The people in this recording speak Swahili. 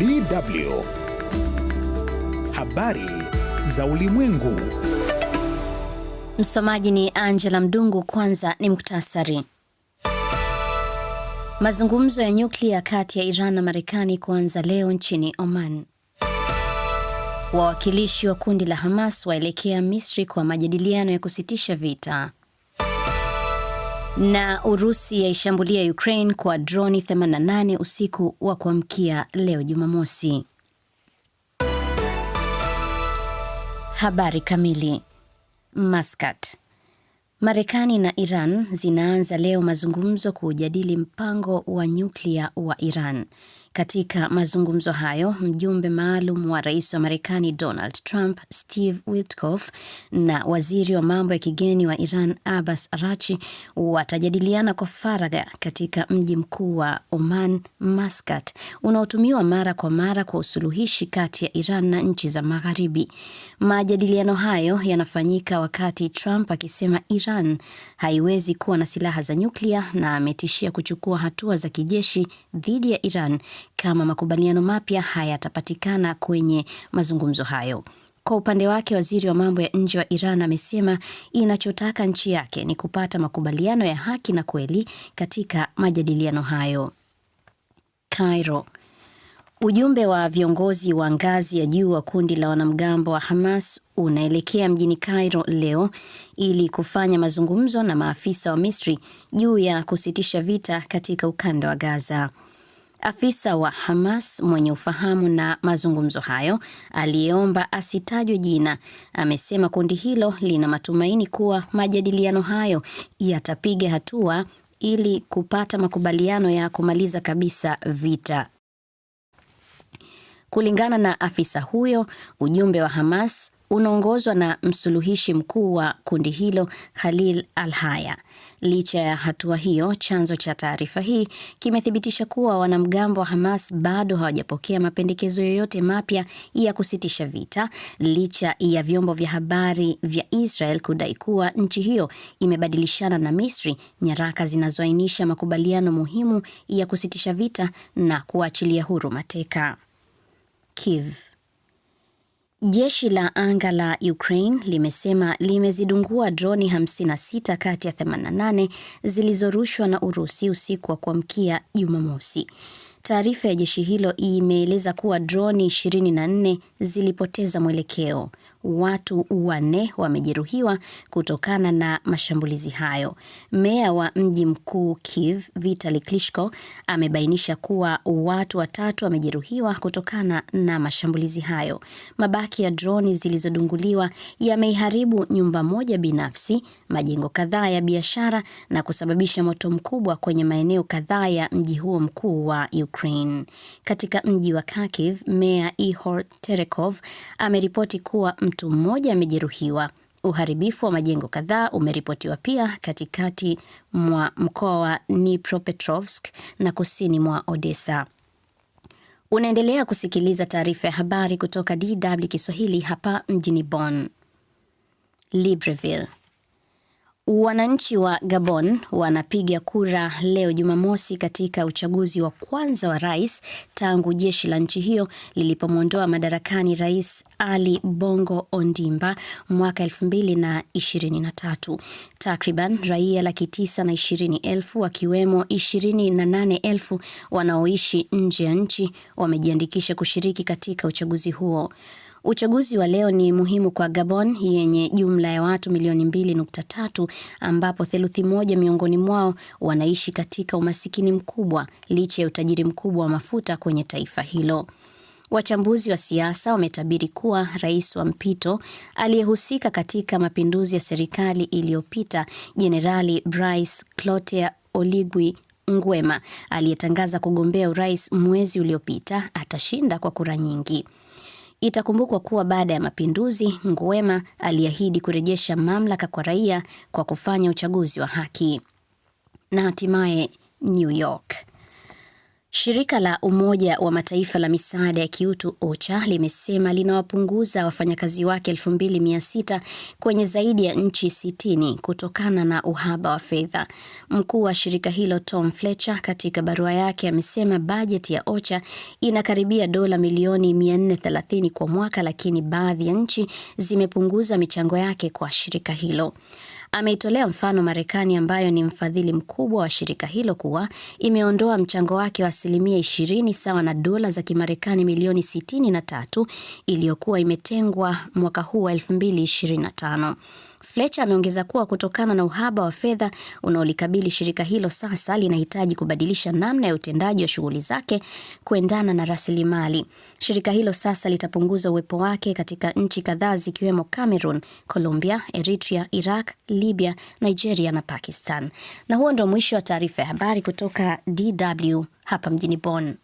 DW. Habari za Ulimwengu. Msomaji ni Angela Mdungu. Kwanza ni muktasari. Mazungumzo ya nyuklia kati ya Iran na Marekani kuanza leo nchini Oman. Wawakilishi wa kundi la Hamas waelekea Misri kwa majadiliano ya kusitisha vita. Na Urusi yaishambulia Ukraine kwa droni 88 usiku wa kuamkia leo Jumamosi. Habari kamili. maskat Marekani na Iran zinaanza leo mazungumzo kujadili mpango wa nyuklia wa Iran. Katika mazungumzo hayo, mjumbe maalum wa rais wa Marekani Donald Trump Steve Witkoff na waziri wa mambo ya kigeni wa Iran Abbas Arachi watajadiliana kwa faragha katika mji mkuu wa Oman, maskat unaotumiwa mara kwa mara kwa usuluhishi kati ya Iran na nchi za Magharibi. Majadiliano hayo yanafanyika wakati Trump akisema Iran haiwezi kuwa na silaha za nyuklia na ametishia kuchukua hatua za kijeshi dhidi ya Iran kama makubaliano mapya hayatapatikana kwenye mazungumzo hayo. Kwa upande wake waziri wa mambo ya nje wa Iran amesema inachotaka nchi yake ni kupata makubaliano ya haki na kweli katika majadiliano hayo. Cairo. Ujumbe wa viongozi wa ngazi ya juu wa kundi la wanamgambo wa Hamas unaelekea mjini Cairo leo ili kufanya mazungumzo na maafisa wa Misri juu ya kusitisha vita katika ukanda wa Gaza. Afisa wa Hamas mwenye ufahamu na mazungumzo hayo aliyeomba asitajwe jina amesema kundi hilo lina matumaini kuwa majadiliano hayo yatapiga hatua ili kupata makubaliano ya kumaliza kabisa vita. Kulingana na afisa huyo, ujumbe wa Hamas unaongozwa na msuluhishi mkuu wa kundi hilo Khalil Al-Haya. Licha ya hatua hiyo, chanzo cha taarifa hii kimethibitisha kuwa wanamgambo wa Hamas bado hawajapokea mapendekezo yoyote mapya ya kusitisha vita, licha ya vyombo vya habari vya Israel kudai kuwa nchi hiyo imebadilishana na Misri nyaraka zinazoainisha makubaliano muhimu ya kusitisha vita na kuachilia huru mateka. Kiev. Jeshi la anga la Ukraine limesema limezidungua droni 56 kati ya 88 zilizorushwa na Urusi usiku wa kuamkia Jumamosi. Taarifa ya jeshi hilo imeeleza kuwa droni 24 zilipoteza mwelekeo watu wanne wamejeruhiwa kutokana na mashambulizi hayo. Meya wa mji mkuu Kiev, Vitali Klitschko, amebainisha kuwa watu watatu wamejeruhiwa kutokana na mashambulizi hayo. Mabaki ya droni zilizodunguliwa yameiharibu nyumba moja binafsi, majengo kadhaa ya biashara na kusababisha moto mkubwa kwenye maeneo kadhaa ya mji huo mkuu wa Ukraine. Katika mji wa Kharkiv, meya Ihor Terekov ameripoti kuwa mtu mmoja amejeruhiwa. Uharibifu wa majengo kadhaa umeripotiwa pia katikati mwa mkoa wa Dnipropetrovsk na kusini mwa Odessa. Unaendelea kusikiliza taarifa ya habari kutoka DW Kiswahili hapa mjini Bonn. Libreville. Wananchi wa Gabon wanapiga kura leo Jumamosi katika uchaguzi wa kwanza wa rais tangu jeshi la nchi hiyo lilipomwondoa madarakani Rais Ali Bongo Ondimba mwaka 2023. Takriban raia laki tisa na ishirini elfu wakiwemo ishirini na nane elfu wanaoishi nje ya nchi wamejiandikisha kushiriki katika uchaguzi huo. Uchaguzi wa leo ni muhimu kwa Gabon yenye jumla ya watu milioni mbili nukta tatu ambapo theluthi moja miongoni mwao wanaishi katika umasikini mkubwa licha ya utajiri mkubwa wa mafuta kwenye taifa hilo. Wachambuzi wa siasa wametabiri kuwa rais wa mpito aliyehusika katika mapinduzi ya serikali iliyopita Jenerali Brice Clotaire Oligui Nguema aliyetangaza kugombea urais mwezi uliopita atashinda kwa kura nyingi. Itakumbukwa kuwa baada ya mapinduzi, Nguema aliahidi kurejesha mamlaka kwa raia kwa kufanya uchaguzi wa haki. Na hatimaye New York. Shirika la Umoja wa Mataifa la misaada ya kiutu OCHA limesema linawapunguza wafanyakazi wake 2600 kwenye zaidi ya nchi 60 kutokana na uhaba wa fedha. Mkuu wa shirika hilo Tom Fletcher katika barua yake amesema bajeti ya OCHA inakaribia dola milioni 430 kwa mwaka, lakini baadhi ya nchi zimepunguza michango yake kwa shirika hilo. Ameitolea mfano Marekani ambayo ni mfadhili mkubwa wa shirika hilo kuwa imeondoa mchango wake wa asilimia 20 sawa na dola za Kimarekani milioni 63 iliyokuwa imetengwa mwaka huu wa 2025. Fletcher ameongeza kuwa kutokana na uhaba wa fedha unaolikabili shirika hilo, sasa linahitaji kubadilisha namna ya utendaji wa shughuli zake kuendana na rasilimali. Shirika hilo sasa litapunguza uwepo wake katika nchi kadhaa zikiwemo Cameroon, Colombia, Eritrea, Iraq, Libya, Nigeria na Pakistan. Na huo ndio mwisho wa taarifa ya habari kutoka DW hapa mjini Bonn.